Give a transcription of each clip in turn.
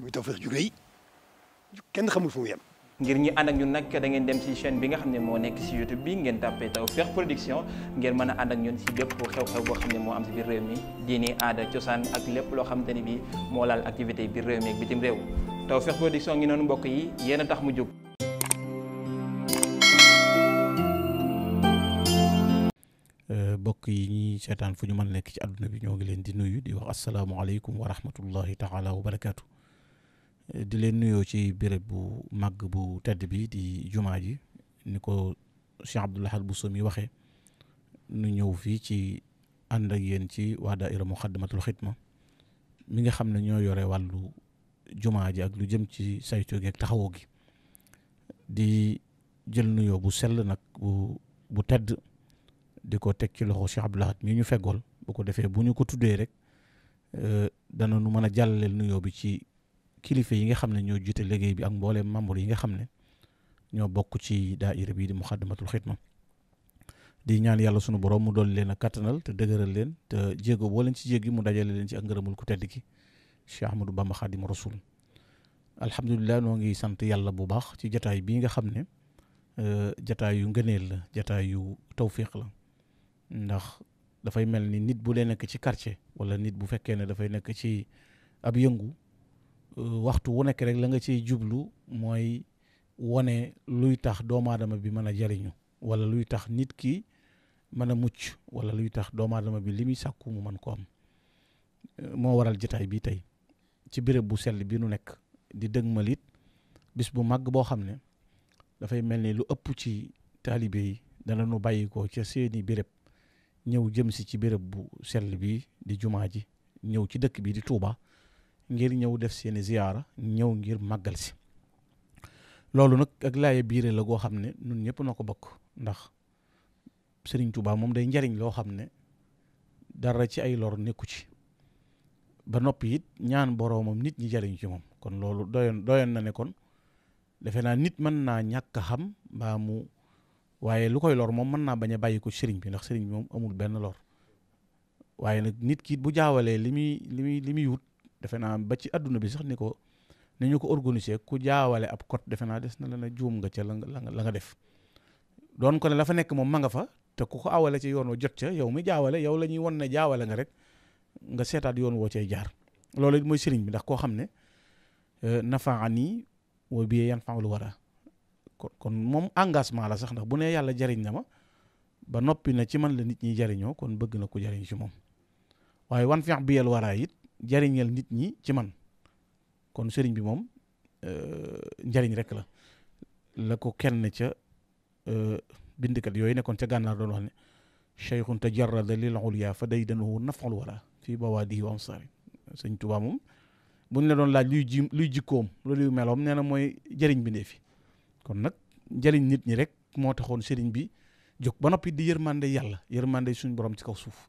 muy Tawfekh ju rëy kenn xamul fu mu ngir ñi ànd ak ñun nag da ngeen dem ci chaîne bi nga xam ne moo nekk ci YouTube bi ngeen tàppee Tawfekh Production ngeen mën a ànd ak ñun ci bépp xew-xew boo xam ne moo am ci biir réew mi diini aada cosaan ak lépp loo xamante ni bi moo laal activité biir réew mi ak bitim réew Tawfekh Production ngi noonu mbokk yi yéen tax mu jóg. Euh, mbokk yi ñuy seetaan fu ñu mën nekk ci àdduna bi ñoo ngi leen di nuyu di wax asalaamaaleykum wa rahmatullahi taala wa barakaatu. di leen nuyoo ci béréb bu màgg bu tedd bii di jumaa ji ni ko Cheikh Abdoul Ahad Bousso waxee nu ñëw fii ci ànd ak yéen ci waa daaira Muxaddamatul Xidma mi nga xam ne ñoo yore wàllu jumaa ji ak lu jëm ci saytu gi ak taxawoo gi di jël nuyoo bu sell nag bu bu tedd di ko teg ci loxo Cheikh Abdoul Ahad ñu feggool bu ko defee bu ñu ko tuddee rek euh, dana nu mën a jàllaleel nuyoo ci kilifa yi nga xam ne ñoo jiite liggéey bi ak mbooleem membre yi nga xam ne ñoo bokk ci daa daayira bi di muxaddamatul ma di ñaan yàlla sunu borom mu dool leen a kattanal te dëgëral leen te jéego boo leen ci jéegi mu dajale leen ci ak ngërëmul ku tedd ki Cheikh Ahmadou Bamba Xaadimu Rasul alhamdulilah noo ngi sant yàlla bu baax ci jataay bii nga xam ne euh, jataay yu ngëneel la jataay yu tawfiq la ndax dafay mel ni nit bu dee nekk ci quartier wala nit bu fekkee ne dafay nekk ci ab yëngu waxtu wu nekk rek la nga ciy jublu mooy wone luy tax doomaadama bi mën a jariñu wala luy tax nit ki mën a mucc wala luy tax doomaadama bi li muy sàkku mu man ko am moo waral jataay bi tey ci béréb bu sell bi nu nekk di dëgmalit bis bu màgg boo xam ne dafay mel ni lu ëpp ci taalibe yi dana nu bàyyi ca seeni béréb ñëw jëm si ci béréb bu sell bi di jumaa ji ñëw ci dëkk bi di tuuba ngir ñëw def seeni ziyaara ñëw ngir màggal si loolu nag ak laaye biire la goo xam ne nun ñëpp na ko bokk ndax Sëriñ Tuubaa moom day njariñ loo xam ne dara ci ay lor nekku ci ba noppi it ñaan boroomam nit ñi jariñ ci moom kon loolu doyoon doyoon na ne kon defe naa nit mën naa ñàkk xam mbaa mu waaye lu koy lor moom mën naa bañ a bàyyi ko sëriñ bi ndax sëriñ bi moom amul benn lor waaye nag nit ki bu jaawalee li muy li muy defe naa ba ci àdduna bi sax ni ko ni ñu ko organiser ku jaawale ab code defe naa des na la na juum nga ca la nga la nga def doon ko ne la fa nekk moom ma nga fa te ku ko awale ci yoon wa jot ca yow mi jaawale yow la ñuy won ne jaawale nga rek nga seetaat yoon woo cay jaar loolu mooy sëriñ bi ndax koo xam ne euh, nafaani wa bi yan faalu wara kon kon moom engagement la sax ndax bu ne yàlla jariñ na ma ba noppi na ci man la nit ñi jariñoo kon bëgg na ko jariñ ci moom waaye wan jariñal nit ñi ci man kon sëriñ bi moom euh, njariñ rek la la ko kenn ca euh, bindkat yooyu nekkoon ca gànnaar doon wax ne cheikhun tajarrada lil ulya fa day danuhu naful wala fii bawaadihi wa amsaari sëñ Tuubaa moom buñ doon laaj luy ji luy jikkoom loolu meloom nee na mooy jëriñ bi ne fi kon nag jëriñ nit ñi rek moo taxoon sëriñ bi jóg ba noppi di yërmande yàlla yërmande suñ boroom ci kaw suuf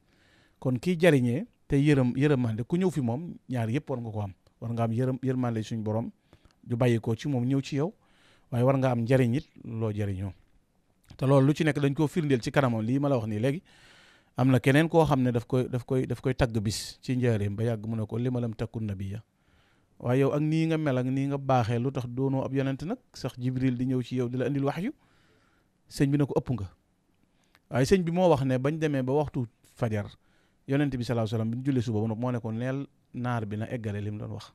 kon kiy jëriñee te yërëm mande ku ñëw fi moom ñaar yëpp war nga ko am war nga am yërëm yërëmande suñu borom ju bàyyikoo ci moom ñëw ci yow waaye war nga am njariñit loo jariñoo te loolu lu ci nekk dañ koo firndeel ci kanamam lii ma la wax nii léegi am na keneen koo xam ne daf koy daf koy daf koy tagg bis ci njaareem ba yàgg mu ne ko li ma lam takkun nabiya waaye yow ak nii nga mel nii nga baaxee lu tax doonoo ab yonent nag sax jibril di ñëw ci yow di la indil wax yu sëñ bi ne ko ëpp nga waaye sëñ bi moo wax ne bañ demee ba waxtu fajar yonent bi salaahu salaam bi ñu julli suba ba moo ne ko neel naar bi na eggale li mu doon wax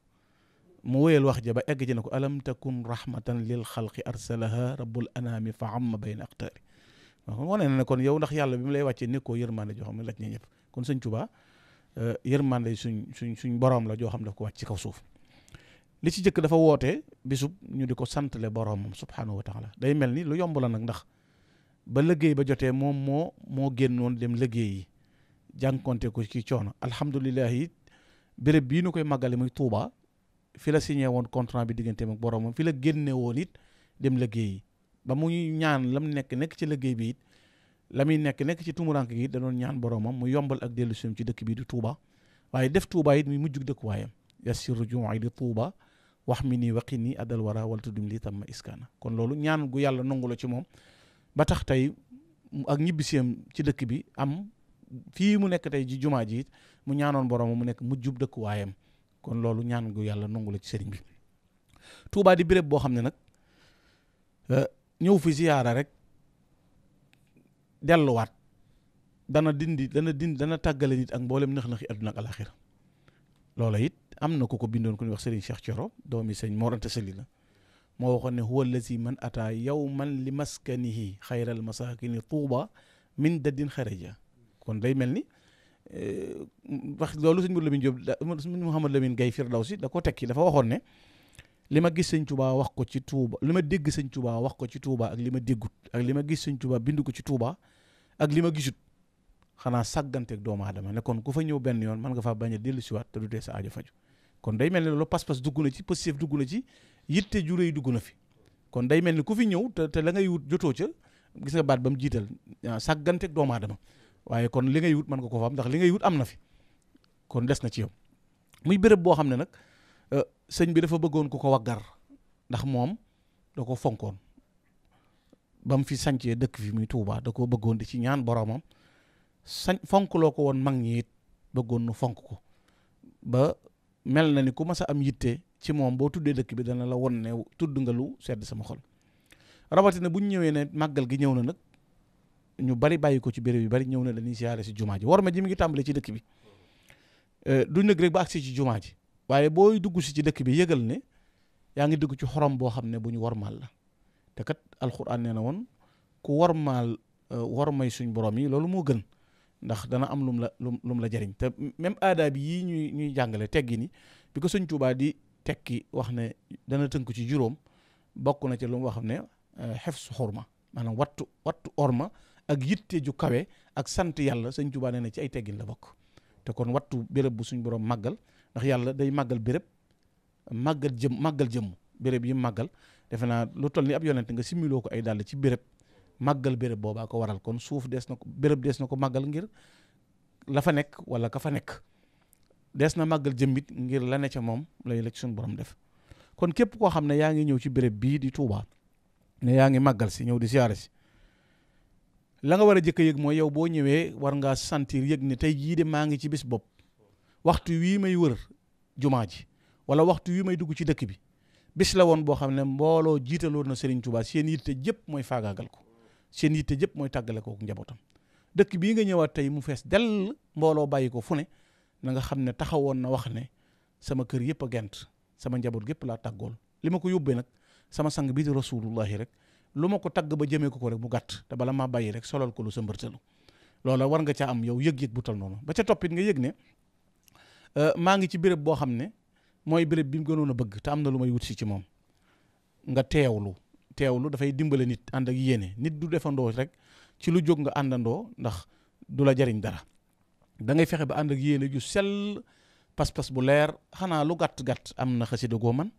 mu wéyal wax ja ba egg ci ne ko alam takun rahmatan lil xalqi arsalaha rabbul anaami fa amma bayna aqtaari moo ne ne kon yow ndax yàlla bi mu lay wàccee nekkoo yërmande joo xam ne laj na ñëpp kon sëñ Tuubaa eh, yërmande suñ suñ suñ boroom la joo xam daf ko wàcc ci kaw suuf li ci jëkk dafa woote bisub ñu di ko santale boroomam subhaanahu wa taala day mel ni lu yomb la nag ndax ba liggéey ba jotee moom moo moo génnoon dem liggéey jànkonte ko ci coono alhamdulilah it béréb bii nu koy maggale muy Touba fi la signé woon contrant bi digganteem ak boromam fi la génne woon it dem liggéeyi ba muy ñaan lam nekk nekk ci liggéey bi it la muy nekk nekk ci tumurank gi da doon ñaan boromam mu yombal ak dellu ci dëkk bi di Touba waaye def Touba it muy mujjug dëkkuwaayam yassir jumaay di Touba wax mi nii waqi nii adal wara wal tuddim lii tam ma iskaana kon loolu ñaan gu yàlla nangu la ci moom ba tax tey ak ñibbisiam ci dëkk bi am fii mu nekk tey ji jumaa ji it mu ñaanoon borom mu nekk mu mujjub dëkkuwaayam kon loolu ñaan gu yàlla nangu la ci sëriñ bi Touba di béréb boo xam ne nag euh, ñëw fi ziyaara rek delluwaat dana dindi dana dindi dana tàggale nit ak mboolem nëx-nëxi àdduna ak alaxira loola it am na ku ko bindoon ku ñuy wax Serigne Cheikh Thioro doomi sëñ Mor Anta Sali la moo waxoon ne huwa allazi man ataa yawman li maskanihi xayral masakini tuuba min dadin xaraja kon day mel ni eh, wax loolu sëñ Mourou Lamine Diop da sëñ Mouhamadou Lamine Gaye Firdawsi da ko tekki dafa waxoon ne li ma gis sëñ Touba wax ko ci Touba li ma dégg sëñ Touba wax ko ci Touba li ma déggut ak li ma gis sëñ Touba bind ko ci Touba ak li ma gisut xanaa sàgganteeg doomu aadama ne ku fa ñëw benn yoon mën nga bañ a dellu siwaat te du dee sa aajo faju kon day mel ni loolu pas-pas dugg na ci positif dugg na ci yitte jure yi dugg na fi kon day mel ni ku fi ñëw te la ngay wut jotoo ca gis nga baat ba mu jiital ah, sàgganteeg doomu adama waaye kon li ngay wut mën nga ko am ndax li ngay wut am na fi kon des na ci yow muy béréb boo xam ne nag euh, sëñ bi dafa bëggoon ko ko waggar ndax moom da ko fonkoon ba mu fi sancee dëkk fi muy Touba da ko bëggoon di ci ñaan boromam sañ fonkloo ko woon mag ñi it bëggoon nu fonk ko ba mel na ni ku mas a am yitte ci moom boo tuddee dëkk bi dana la won ne tudd nga lu sedd sama xol rawatina bu ñëwee ne màggal gi ñëw na nag ñu bari bàyyi ko ci béréb yu bari ñëw na la siyaare si jumaa ji war ma ji ngi tàmbale ci dëkk bi euh, duñ nag rek ba ci jumaa ji waaye booy dugg si ci dëkk bi yëgal ne yaa ngi dugg ci xorom boo xam ne bu ñu warmaal la te kat alxuraan nee na woon ku warmaal euh, warmay suñ borom yi loolu moo gën ndax dana am lum la lum la jariñ te même aada bi yii ñuy ñuy jàngale teggi ni bi ko suñ Tuubaa di tekki wax ne dana tënk ci juróom bokk na ci lu mu wax ne euh, xef su xorma maanaam wattu wattu orma ak yit yitte ju kawe ak sant yàlla sañ Tuubaa nee na ci ay teggin la bokk te kon wattu béréb bu suñ boroom màggal ndax yàlla day màggal béréb màggal jëm màggal jëmm béréb yi màggal defe naa lu toll ni ab yonent nga similoo ko ay dàll ci béréb màggal béréb boobaa ko waral kon suuf des na ko béréb des na ko màggal ngir la fa nekk wala ka fa nekk des na màggal jëmbit ngir la ne ca moom lay la ci suñu borom def kon képp koo xam ne yaa ngi ñëw ci béréb bii di Touba ne yaa ngi màggal si ñëw di siyaare la nga war a jëkk a mooy yow boo ñëwee war ngaa sentir yëg ne tey jii de maa ngi ci bis bopp waxtu wii may wër jumaa ji wala waxtu wii may dugg ci dëkk bi bis la woon boo xam ne mbooloo jiitaloon na Serigne Touba seen yitte jëpp mooy faagaagal ko seen yitte jëpp mooy tàggale ko njabootam dëkk bii nga ñëwaat tey mu fees dell mbooloo bàyyi ko fu ne na nga xam ne taxawoon na wax ne sama kër yëpp a gent sama njaboot gépp laa tàggool li ma ko yóbbee nag sama sang bii di rasulullahi rek lu ma ko tagg ba jëmee ko ko rek mu gàtt te bala maa bàyyi rek solal ko lu sa mbërtalu loola war nga ca am yow yëg-yëg bu tal noonu ba ca toppit nga yëg ne euh, maa ngi ci béréb boo xam ne mooy béréb bi mu gënoon a bëgg te am na lu may wut si ci moom nga lu teew lu dafay dimbale nit ànd ak yéene nit du defandoo rek ci lu jóg nga àndandoo ndax du la jariñ dara da ngay fexe ba ànd ak yéene ju sel pas-pas bu leer xanaa lu gàtt-gàtt am na xasida goo man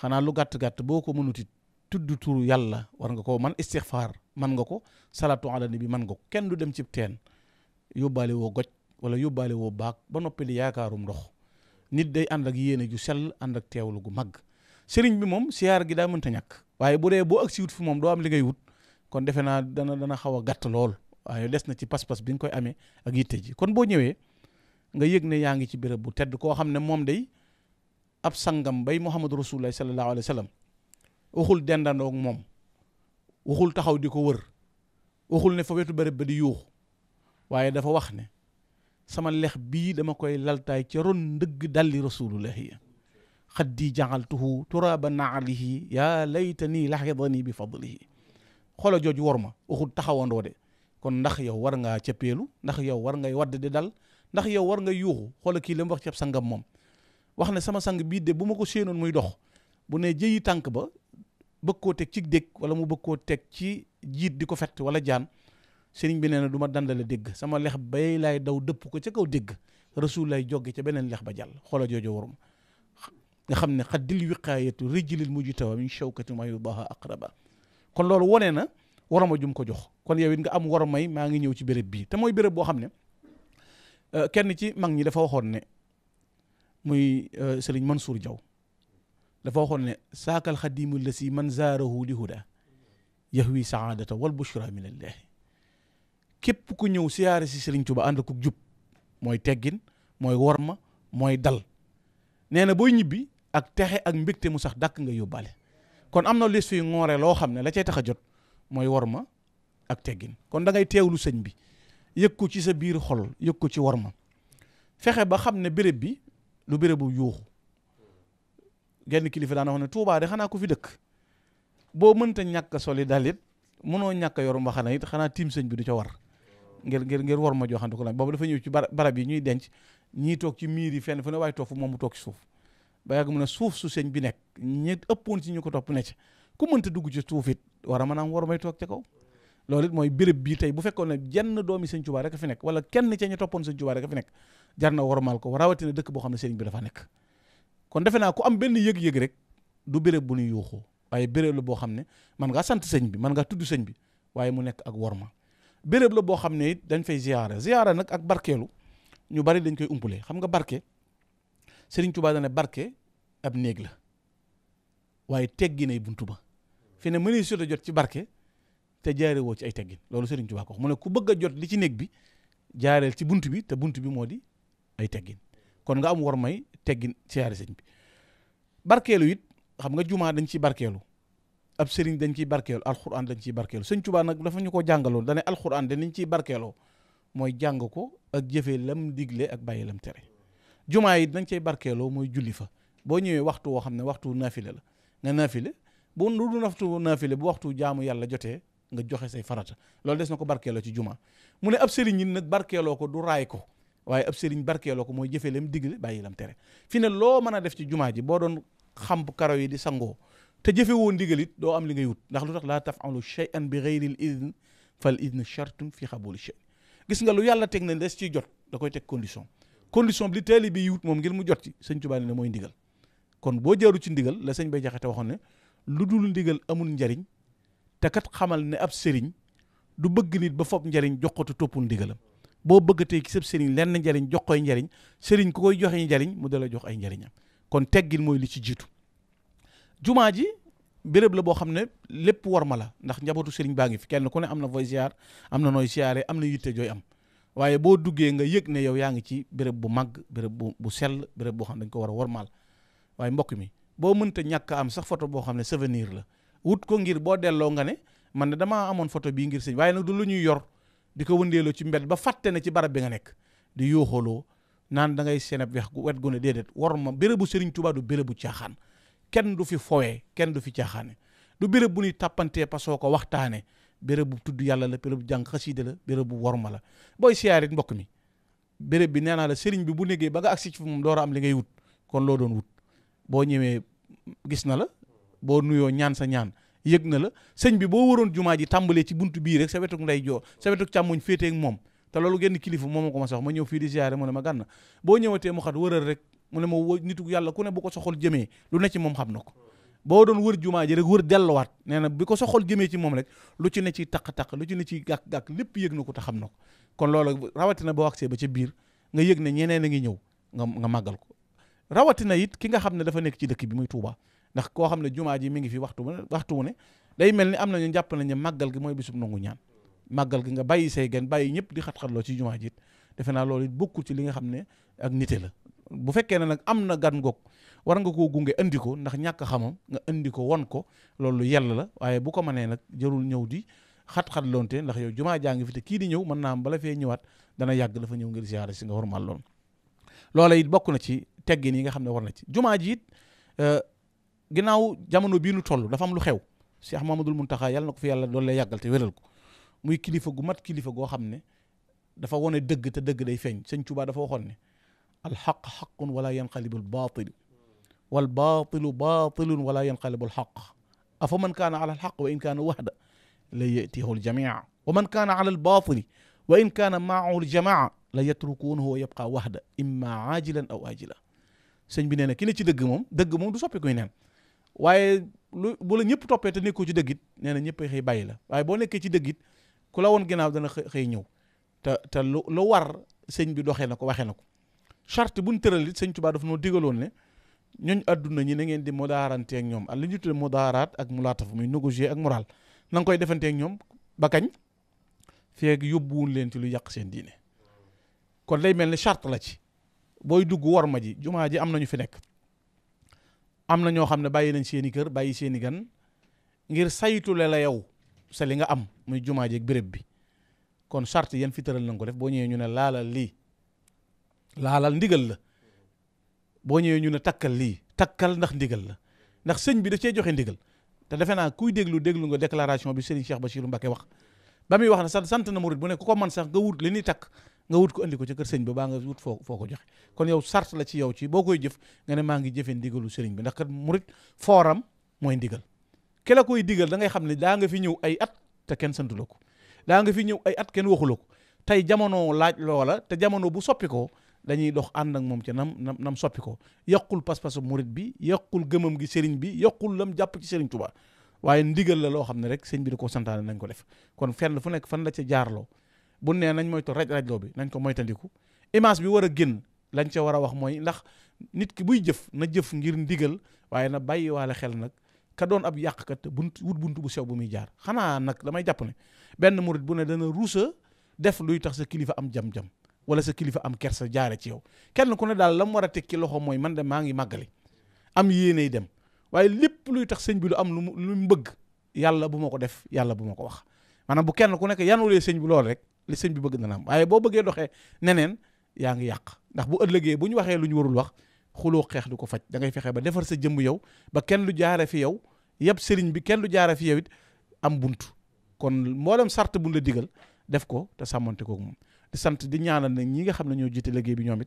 xanaa lu gàtt-gàtt boo ko mënutit tudd turu yàlla war nga ko man istixfaar man nga ko salaatu ala bi man nga ko kenn du dem cib teen yóbbaale woo goj wala yóbbaale woo baag ba noppi li yaakaarum ndox nit day ànd ak yéene ju sel ànd ak teewlu gu mag sëriñ bi moom siyaar gi daa mënta ñàkk waaye bu dee boo agsi wut fi moom doo am li ngay wut kon defe naa dana dana xaw a gàtt lool waaye des na ci pas-pas bi nga koy amee ak yitte ji kon boo ñëwee nga yëg ne yaa ngi ci béréb bu tedd koo xam ne moom day ab sangam bay Muhammadu Rasulullah sallallahu alayhi wa sallam waxul dendandoog moom waxul taxaw di ko wër waxul ne fa wetu bërëb ba di yuuxu waaye dafa wax ne sama lex bii dama koy laltaay ca ron ndëgg dalli rasulullahi ya xaddi jaxaltuhu turaba naalihi yaa layta nii laxidani bi fadlihi xolo jooju war ma waxul taxawandoo de kon ndax yow war ngaa cëppeelu ndax yow war ngay wadd di dal ndax yow war nga yuuxu xoola kii la wax ceeb sangam moom wax ne sama sang bii de bu ma ko séenoon muy dox bu ne jëyi tànk ba bëgg koo teg ci dégg wala mu bëgg koo teg ci jiit di ko fett wala jaan sëriñ bi nee na du dandale dégg sama lex bay laay daw dëpp ko ca kaw dégg rasul lay joge ca beneen lex ba jàll xoola joojo waruma nga xam ne xaddil wiqaayatu rijlil mujtawa min shawkati ma yudaha aqraba kon loolu wone na warama jum ko jox kon yow it nga am waramay maa ngi ñëw ci béréb bii te mooy boo xam ne euh, kenn ci mag ñi dafa waxoon ne muy euh, sëriñ Mansour Diaw dafa waxoon ne saakal xadimu la si man zaarahu li huda yahwi saadata wal bu min allahi képp ku ñëw siyaare si Sëriñ Tuba ànd ku jub mooy teggin mooy worma mooy dal nee na booy ñibbi ak texe ak mbégte mu sax dàkk nga yóbbaale kon am na lis fi ngoore loo xam ne la cay tax a jot mooy worma ak teggin kon da ngay teewlu sëñ bi yëg ko ci sa biir xol yëg ko ci worma fexe ba xam ne béréb bi lu bérébu yuuxu genn kilifa daana wax ne Touba xanaa ku fi dëkk boo mënta ñàkk soli dalit mënoo ñàkk yor mbaxana it xanaa tiim sëñ bi du ca war ngir ngir ngir war ma joxante ko la boobu dafa ñëw ci barab yi ñuy denc ñii toog ci miir yi fenn fu ne waaye moom mu toog ci suuf ba yàgg mu ne suuf su sëñ bi nekk ñi ëppoon ci ñu ko topp ne ci ku mënta dugg ci suuf it war a mën am war may toog ca kaw loolu it mooy béréb bii tey bu fekkoon ne jenn doomi sëñ Tuubaa rek a fi nekk wala kenn ca ñu toppoon sëñ Tuubaa rek a fi nekk jar na warmaal ko rawatina dëkk boo xam ne sëriñ bi dafa nekk kon defe naa ku am benn yëg-yëg rek du béréb bu ñuy yuuxoo waaye béréb la boo xam ne man ngaa sant sëñ bi man ngaa tudd sëñ bi waaye mu nekk ak worma béréb la boo xam ne dañ fay ziyaara ziyaara nag ak barkeelu ñu bari dañ koy umpule xam nga barke Sëriñ Tuubaa dana barke ab néeg la waaye teggi nay buntu ba fi ne mënee jot ci barke te jaare woo ci ay teggin loolu Sëriñ Tuubaa ko mu ne ku bëgg a jot li ci néeg bi jaareel ci bunt bi te bunt bi moo di ay teggin kon nga am wormay teggin siyaare sëñ bi barkeelu it xam nga jumaa dañ ciy barkeelu ab sëriñ dañ ciy barkeelu alxuraan dañ ciy barkeelu sëñ Tuubaa nag dafa ñu ko jàngaloon dane alxuraan danañ ciy barkeeloo mooy jàng ko ak jëfee lam digle ak bàyyi tere jumaa yi dañ cay barkeeloo mooy julli fa boo ñëwee waxtu woo xam ne waxtu naafile la nga naafile bu lu du waxtu naafile bu waxtu jaamu yàlla jotee nga joxe say farata loolu des na ko barkeeloo ci jumaa mu ne ab sëriñ yi nag barkeeloo ko du raay ko waaye ab sëriñ barkeeloo ko mooy jëfee lam digle bàyyi lam tere fi ne loo mën a def ci jumaa ji boo doon xamp karaw yi di sangoo te jëfe woon ndigal it doo am li ngay wut ndax lu tax laa tafalu shay'an bi ghayril idn fal idn shartun fi xabuli gis nga lu yàlla teg na des ciy jot da koy teg condition condition bi li teeli bi wut moom ngir mu jot ci sëñ Tuubaa ne mooy ndigal kon boo jaaru ci ndigal la sañ bay jaxate waxoon ne lu dul ndigal amul njariñ te kat xamal ne ab sëriñ du bëgg nit ba fob njariñ jox ko te toppul ndigalam boo bëggatee ci sëb sëriñ lenn njariñ jox koy njariñ sëriñ ko koy joxe njariñ mu dala jox ay njariñam kon teggin mooy li ci jiitu jumaa ji béréb la boo xam ne lépp war ma la ndax njabootu sëriñ baa ngi fi kenn ku ne am na fooy ziar am na nooy ziare am na yitte jooy am waaye boo duggee nga yëg ne yow yaa ngi ci béréb bu màgg béréb bu bu sell béréb boo xam ne dañ ko war a warmaal waaye mbokk mi boo mënta ñàkk am sax foto boo xam ne souvenir la wut ko ngir boo delloo nga ne man ne damaa amoon photo bii ngir sëñ waaye nag du lu ñuy yor di ko wëndeeloo ci mbedd ba fàtte na ci barab bi nga nekk di yooxaloo naan da ngay seeneb wex wet gu ne déedéet war ma bérébu Serigne Touba du bérébu caaxaan kenn du fi fowee kenn du fi caaxaane du béréb bu ñuy tàppantee pasoo ko waxtaane béréb bu tudd yàlla la béréb bu jàng xasiida la béréb bu worma la booy siyaarit mbokk mi béréb bi nee naa la sëriñ bi bu nekkee ba nga agsi ci moom door a am li ngay wut kon loo doon wut boo ñëwee gis na la boo nuyoo ñaan sa ñaan yëg na la sëñ bi boo waroon jumaa ji tàmbalee ci buntu bii rek sa wetuk nday joor sa wetuk càmmoñ féetee ak moom te loolu genn kilifa moom ma ko ma sax ma ñëw fii di siyaare mu ne ma gànn boo ñëwatee mu xat wëral rek mu ne ma nitu yàlla ku ne bu ko soxol jëmee lu ne ci moom xam na ko boo doon wër jumaa ji rek wër delluwaat nee na bi ko soxol jëmee ci moom rek lu ci ne ci taq-taq lu ci ne ci gàkk-gàkk lépp yëg na ko te xam na ko kon loolu rawatina boo agsee ba ca biir nga yëg ne ñeneen a ngi ñëw nga nga màggal ko rawatina it ki nga xam ne dafa nekk ci dëkk bi muy Touba ndax koo xam ne jumaa ji mi ngi fi waxtu waxtu ne day mel ni am nañu jàpp nañu màggal gi mooy bisub nangu ñaan màggal gi nga bàyyi say gen bàyyi ñëpp di xat-xatloo ci jumaa ji it defe naa loolu it bokkul ci li nga xam ne ak nite la bu fekkee ne nag am na gan goog war nga koo gunge andi ko ndax ñàkk xamam nga andi ko won ko loolu yàlla la waaye bu ko mënee nag jërul ñëw di xat-xat loonte ndax yow jumaa jaa ngi fi te kii di ñëw mën naa am bala fee ñëwaat dana yàgg dafa ñëw ngir ziyaara si nga war mal loon loola it bokk na ci teggin yi nga xam ne war na ci jumaa ji euh, ginnaaw jamono bii nu toll dafa am lu xew Cheikh Mamadul Muntaxa yàlla na ko fi yàlla doon lay yàggal te wéral ko muy kilifa gu mat kilifa goo xam ne dafa wone dëgg te dëgg day feeñ sëñ Tuubaa dafa waxoon ne alxaq xaqun wala yanqalibu albaatil wal baatilu baatilun wala yanqalibu alxaq afa man kaana ala alxaq wa kaana waxda la yatihu aljamia wa man kaana ala albaatili wa kaana maahu aljamaa la yatrukuunahu wa yabqa waxda imma aajilan aw aajila sëñ bi nee ki ne ci dëgg moom dëgg moom du soppi kuy neen waaye lu bu la ñëpp toppee te nekkoo ci dëgg it nee na ñëpp xëy bàyyi la waaye boo nekkee ci dëgg ku la woon ginnaaw dana xëy ñëw te te lu lu war sëñ bi doxee na ko waxee na ko charte bu ñu tëral it sëñ Tuubaa daf noo digaloon ne ñooñ àdduna ñi na ngeen di mudaarante ak ñoom ak li ñu tuddee mudaaraat ak mulaataf muy négocier ak moral na nga koy defante ñoom ba kañ yóbbu yóbbuwun leen ci lu yàq seen diine kon day mel ne charte la ci booy dugg war ma ji jumaa ji am nañu fi nekk am na ñoo xam ne bàyyi nañ seen i kër bàyyi seeni gan ngir saytule la yow sa li nga am muy jumaa jeeg béréb bi kon charte yan fi tëral nañ ko def boo ñëwee ñu ne laalal lii laalal ndigal la boo ñëwee ñu ne takkal lii takkal ndax ndigal la ndax sëñ bi da cee joxe ndigal te defe naa kuy déglu déglu nga déclaration bi Serigne ba Bassirou Mbacké wax ba muy wax ne sant na murid bu nekk ku ko man sax nga wut li ñuy takk nga wut ko andi ko ca kër sëñ ba baa nga wut foo foo ko joxe kon yow sart la ci yow ci boo koy jëf nga ne maa ngi jëfe ndigalu sëriñ bi ndax kat murit fooram mooy ndigal ki la koy digal da ngay xam ne daa nga fi ñëw ay at te kenn santu ko daa nga fi ñëw ay at kenn waxula ko tey jamono laaj loola te jamono bu soppi ko dañuy dox ànd ak moom ca nam nam nam soppi ko yàqul pas-pasu murit bi yàqul gëmam gi sëriñ bi yàqul lam jàpp ci sëriñ Tuubaa waaye ndigal la loo xam ne rek sëñ bi da koo santaane nañ ko def kon fenn fu nekk fan la ca jaarloo bu nee nañ moytu raj rajloo bi nañ ko moytandiku image bi war a génn lañ see war a wax mooy ndax nit ki buy jëf na jëf ngir ndigal waaye na bàyyi waale xel nag ka doon ab yàqkat te bunt wut bunt bu sew bu muy jaar xanaa nag damay jàpp ne benn murit bu ne dana ruusa def luy tax sa kilifa am jam-jam wala sa kilifa am kersa jaare ci yow kenn ku ne daal la mu war a tekki loxo mooy man de maa ngi màggali am yéeney dem waaye lépp luy tax sëñ bi lu am lu mu lu bëgg yàlla bu ma ko def yàlla bu ma ko wax maanaam bu kenn ku nekk yanulee sëñ bi lool rek li sëñ bi bëgg naa am waaye boo bëggee doxee neneen yaa ngi yàq ndax bu ëllëgee bu ñu waxee lu ñu warul wax xuloo xeex du ko faj da ngay fexe ba defar sa jëmm yow ba kenn lu jaare fi yow yëpp sëriñ bi kenn lu jaare fi yow it am bunt kon mboolem sart buñ la digal def ko te sàmmante koog moom di sant di ñaanal nag ñi nga xam ne ñoo jiite liggéey bi ñoom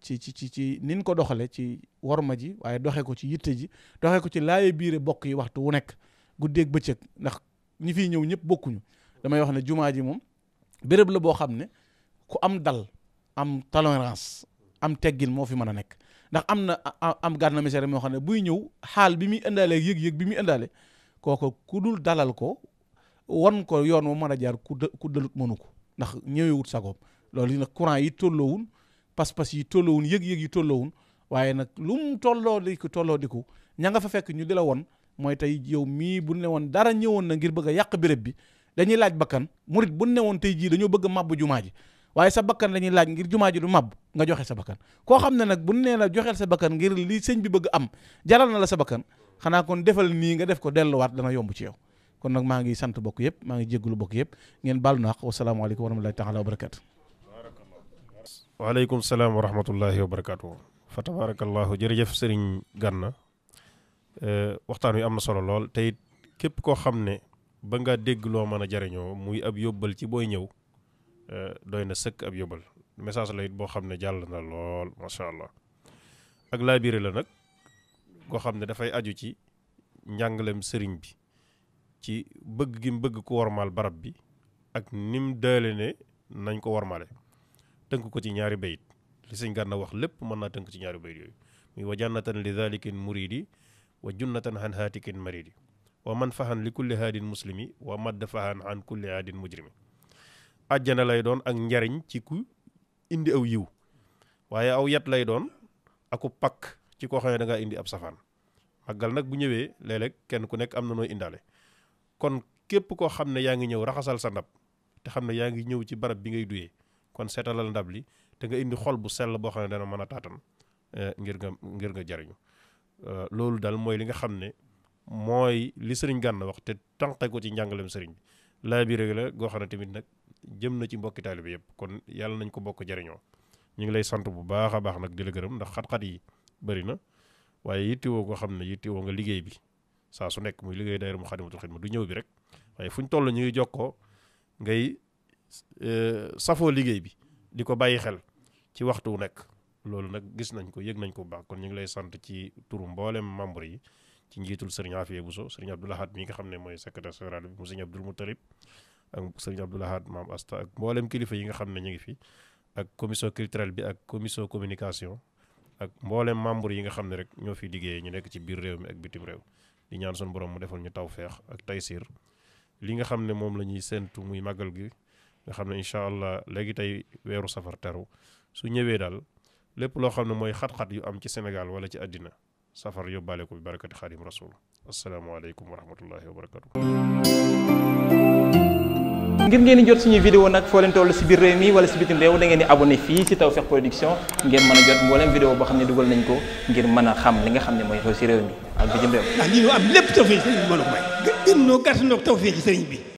ci ci ci ci nin ko doxale ci worma ji waaye doxee ko ci yitte ji doxee ko ci laaye biire bokk yi waxtu wu nekk guddeeg bëccëg ndax ñi fiy ñëw ñëpp bokkuñu damay wax ne jumaa ji moom béréb la boo xam ne ku am dal am tolérance am teggin moo fi mën a nekk ndax am na am gànna mesere moo xam ne buy ñëw xaal bi muy indaale ak yëg-yëg bi muy indaale kooku ku dul dalal ko wan ko yoon wu mën a jaar ku ku dalut mënu ko ndax ñëwewut sagoom loolu nag courant yi tolloowun pas-pas yi tolloowun yëg-yëg yi tolloowun waaye nag lu mu tolloo di ko tolloo di ko ña nga fa fekk ñu di la won mooy tey yow mii bu ne woon dara ñëwoon na ngir bëgg a yàq béréb bi dañuy laaj bakkan murit bu newoon tey jii dañoo bëgg a màbb jumaa ji waaye sa bakkan la ñuy laaj ngir jumaa ji du màbb nga joxe sa bakkan koo xam ne nag bu nee la joxeel sa bakkan ngir li sëñ bi bëgg am jaral na la sa bakkan xanaa kon defal nii nga def ko delluwaat dana yomb ci yow kon nag maa ngi sant bokk yëpp maa ngi jégalu bokk yëpp ngeen baal na wax wasalaamaaleykum wa rahmatulahi taala wa barakaatu. waaleykum salaam wa rahmatullahi wa barakaatu. fa tabarakallahu jërëjëf sëriñ Ganna eh, waxtaan wi am na solo lool te képp koo xam ne ba nga dégg loo mën a jariñoo muy ab yóbbal ci booy ñëw eh, doy na sëkk ab yóbbal message la boo xam ne jàll na lool macha allah ak laabire la nag koo xam ne dafay aju ci njàngalem sëriñ bi ci bëgg gi mu bëgg ku warmaal barab bi ak nim daale ne nañ ko warmaale tënk ko ci ñaari bayit li sëñ Gana wax lépp mën naa tënk ci ñaari bayit yooyu muy wa jannatan li dhalikin muridi wa junnatan han haatikin maridi wa man faxan li kulli haadin muslimi wa madd faxan an kulli haadin mujrimi àjjana lay doon ak njariñ ci ku indi aw yiw waaye aw yet lay doon aku pakk ci koo xam ne indi ab safaan màggal nag bu ñëwee léeg kenn ku nekk am na nooy indaale kon képp koo xam ne yaa ngi ñëw raxasal sa ndab te xam ne yaa ngi ñëw ci barab bi ngay duye kon seetalal ndab li te nga indi xol bu sell boo xam ne dana mën a taatan eh, ngir nga ngir nga jariñu eh, loolu daal li nga xam ne mooy li sëriñ Gana wax te tànqe ko ci njàngaleem sëriñ bi laa bi rek la goo xam ne tamit nag jëm na ci mbokki taalibe yëpp kon yàlla nañ ko bokk jariñoo ñu ngi lay sant bu baax a baax nag di gërëm ndax xat-xat yi bëri na waaye yittewoo ko xam ne yittewoo nga liggéey bi saa su nekk muy liggéey daayira Muxaddamatul ma du ñëw bi rek waaye fu ñu toll ñu ngi jokkoo ngay eh, safoo liggéey bi di ko bàyyi xel ci waxtu wu nekk loolu nag gis nañ ko yëg nañ ko bu baax kon ñu ngi lay sant ci turu mboolem membre yi ci njiitul sëriñ Afia Bousso sëriñ Abdoul Ahad mi nga xam ne mooy secrétaire général bi mu sëriñ Abdoul Moutalib ak sëriñ Abdoul Ahad maam Asta ak mbooleem kilifa yi nga xam ne ñu ngi fi ak commission culturelle bi ak commission communication ak mboolem membre yi nga xam ne rek ñoo fi liggéeyee ñu nekk ci biir réew mi ak bitim réew di ñaan suñu borom mu defal ñu tawféex ak taysiir li nga xam ne moom la ñuy séentu muy màggal gi nga xam ne incha allah léegi tey weeru safar teru su ñëwee daal lépp loo xam ne mooy xat yu am ci Sénégal wala ci àddina safar yóbbaale ko bi barakati xaadim rasul asalaamaaleykum wa rahmatullahi wa barakatu ngir ngeen di jot suñu vidéo nag foo leen toll si biir réew mi wala si bitim réew da ngeen di abonné fii si Tawfekh Production ngeen mën a jot mboolem boo xam ne dugal nañ ko ngir mën a xam li nga xam ne mooy xew si réew mi ak bitim réew. ndax lii am lépp Tawfekh sëriñ bi mën a may. gën noo gàtt noo Tawfekh sëriñ bi.